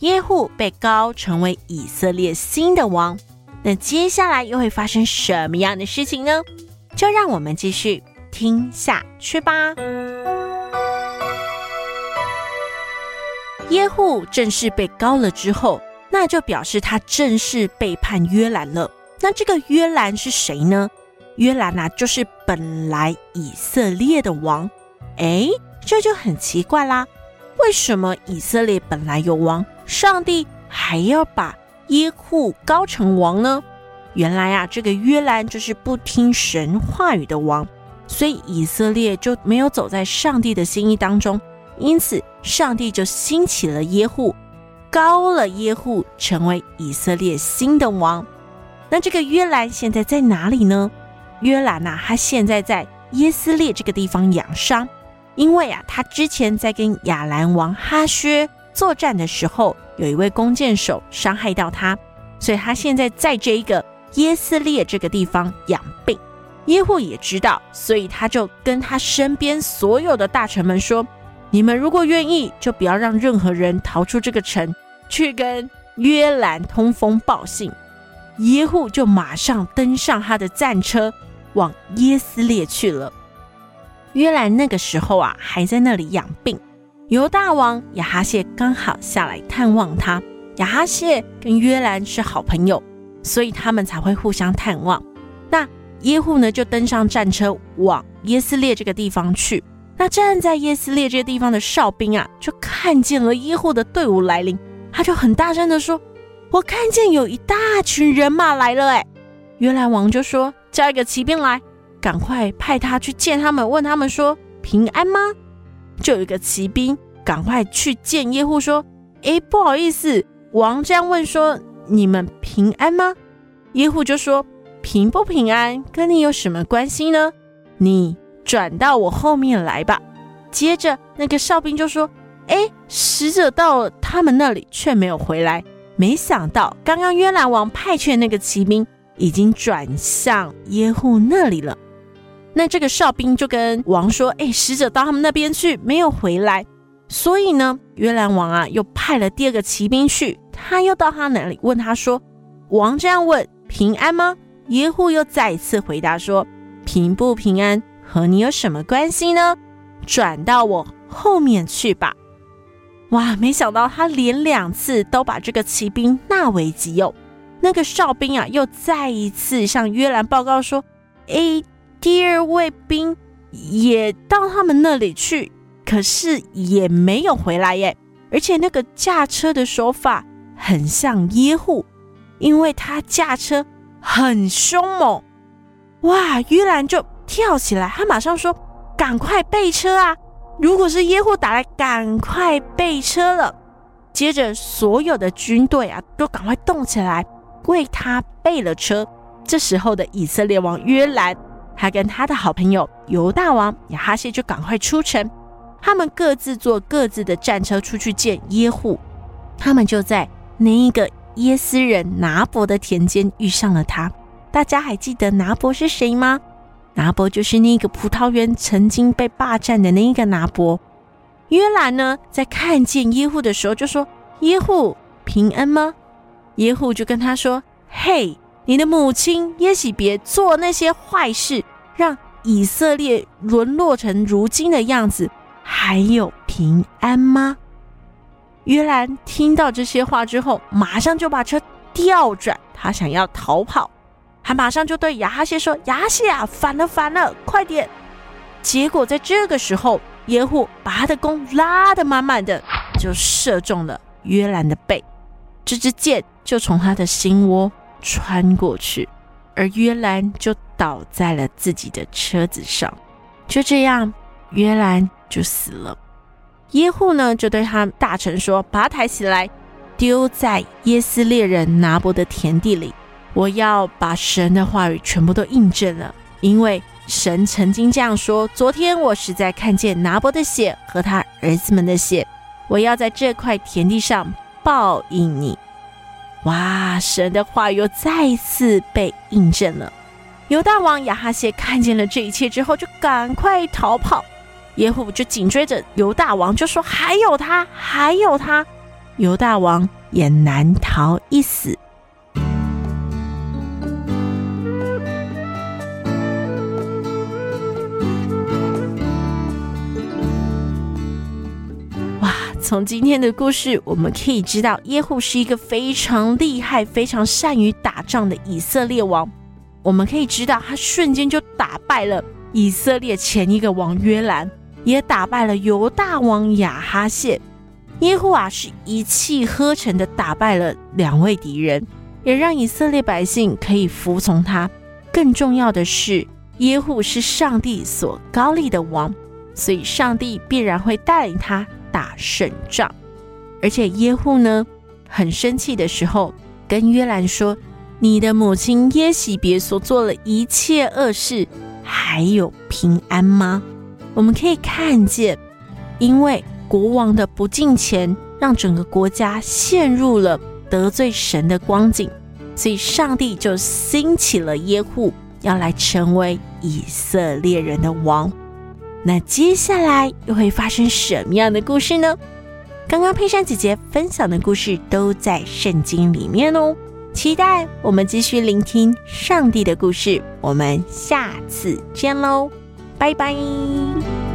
耶戶被膏成為以色列新的王，那接下來又會發生什麼樣的事情呢？就讓我們繼續聽下去吧。耶戶正式被膏了之後，那就表示他正式背叛約蘭了。那這個約蘭是誰呢？約蘭啊，就是本來以色列的王。哎，這就很奇怪啦，為什麼以色列本來有王？上帝還要把耶戶膏成王呢？原來啊，這個約蘭就是不聽神話語的王，所以以色列就沒有走在上帝的心意當中。因此，上帝就興起了耶戶，膏了耶戶成為以色列新的王。那這個約蘭現在在哪裡呢？約蘭吶、啊，他現在在耶斯列這個地方養傷，因為啊，他之前在跟亞蘭王哈薛。作戰的時候，有一位弓箭手傷害到他，所以他現在在這一個耶斯列這個地方養病。耶戶也知道，所以他就跟他身邊所有的大臣們說：“你們如果願意，就不要讓任何人逃出這個城，去跟約蘭通風報信。”耶戶就馬上登上他的戰車，往耶斯列去了。約蘭那個時候啊，還在那裡養病。猶大王亞哈謝剛好下來探望他。亞哈謝跟約蘭是好朋友，所以他們才會互相探望。那耶戶呢，就登上戰車往耶斯列這個地方去。那站在耶斯列這個地方的哨兵啊，就看見了耶戶的隊伍來臨，他就很大聲的說：“我看見有一大群人馬來了。”哎，約蘭王就說：“叫一個騎兵來，趕快派他去見他們，問他們說平安嗎？”就有一個騎兵。趕快去見耶戶說：“誒，不好意思，王這樣問說你們平安嗎？”耶戶就說：“平不平安跟你有什麼關係呢？你轉到我後面來吧。”接着那個哨兵就說：“誒，使者到了他們那裡卻沒有回來。沒想到剛剛約蘭王派去的那個騎兵已經轉向耶戶那裡了。那這個哨兵就跟王說：‘誒，使者到他們那邊去沒有回來。’”所以呢，約蘭王啊，又派了第二個騎兵去。他又到他那裡問他說：“王這樣問平安嗎？”耶戶又再一次回答說：“平不平安和你有什麼關係呢？轉到我後面去吧。”哇，沒想到他連兩次都把這個騎兵納為己有。那個哨兵啊，又再一次向約蘭報告說：“哎，第二位兵也到他們那裡去。”可是也沒有回來耶，而且那個駕車的手法很像耶戶，因為他駕車很兇猛。哇！約蘭就跳起來，他馬上說：“趕快備車啊！如果是耶戶打來，趕快備車了。”接着，所有的軍隊啊都趕快動起來，為他備了車。這時候的以色列王約蘭，他跟他的好朋友猶大王亞哈謝就趕快出城。他們各自坐各自的戰車出去見耶戶，他們就在那一個耶斯人拿伯的田間遇上了他。大家還記得拿伯是誰嗎？拿伯就是那個葡萄園曾經被霸占的那一個拿伯。約蘭呢，在看見耶戶的時候就說：“耶戶平安嗎？”耶戶就跟他說：“嘿，你的母親，耶洗別做那些壞事，讓以色列淪落成如今的樣子。”還有平安嗎？約蘭聽到這些話之後，馬上就把車調轉，他想要逃跑，還馬上就對亞哈謝說：“亞哈謝啊，反了，反了，快點！”結果在這個時候，耶戶把他的弓拉得滿滿的，就射中了約蘭的背，這支，支箭就從他的心窩穿過去，而約蘭就倒在了自己的車子上。就這樣，約蘭，就死了。耶戶呢，就對他大臣說：“把他抬起來，丟在耶斯列人拿伯的田地裡。我要把神的話語全部都印證了，因為神曾經這樣說：昨天我實在看見拿伯的血和他兒子們的血。我要在這塊田地上報應你。”哇！神的話語又再次被印證了。猶大王亞哈謝看見了這一切之後，就趕快逃跑。耶戶就緊追着猶大王，就說：“還有他，還有他！”猶大王也難逃一死。哇！從今天的故事，我們可以知道耶戶是一個非常厲害、非常善於打仗的以色列王。我們可以知道，他瞬間就打敗了以色列前一個王約蘭。也打敗了猶大王亞哈謝。耶戶、啊，耶戶啊，是一氣呵成的打敗了兩位敵人，也讓以色列百姓可以服從他。更重要的是，耶戶是上帝所高立的王，所以上帝必然會帶領他打勝仗。而且耶戶呢，很生氣的時候，跟約蘭說：“你的母親耶洗別所做了一切惡事，還有平安嗎？”我們可以看見，因為國王的不敬虔，讓整個國家陷入了得罪神的光景，所以上帝就興起了耶戶，要來成為以色列人的王。那接下來又會發生什麼樣的故事呢？剛剛佩珊姐姐分享的故事都在聖經裡面哦，期待我們繼續聆聽上帝的故事。我們下次見嘍！拜拜。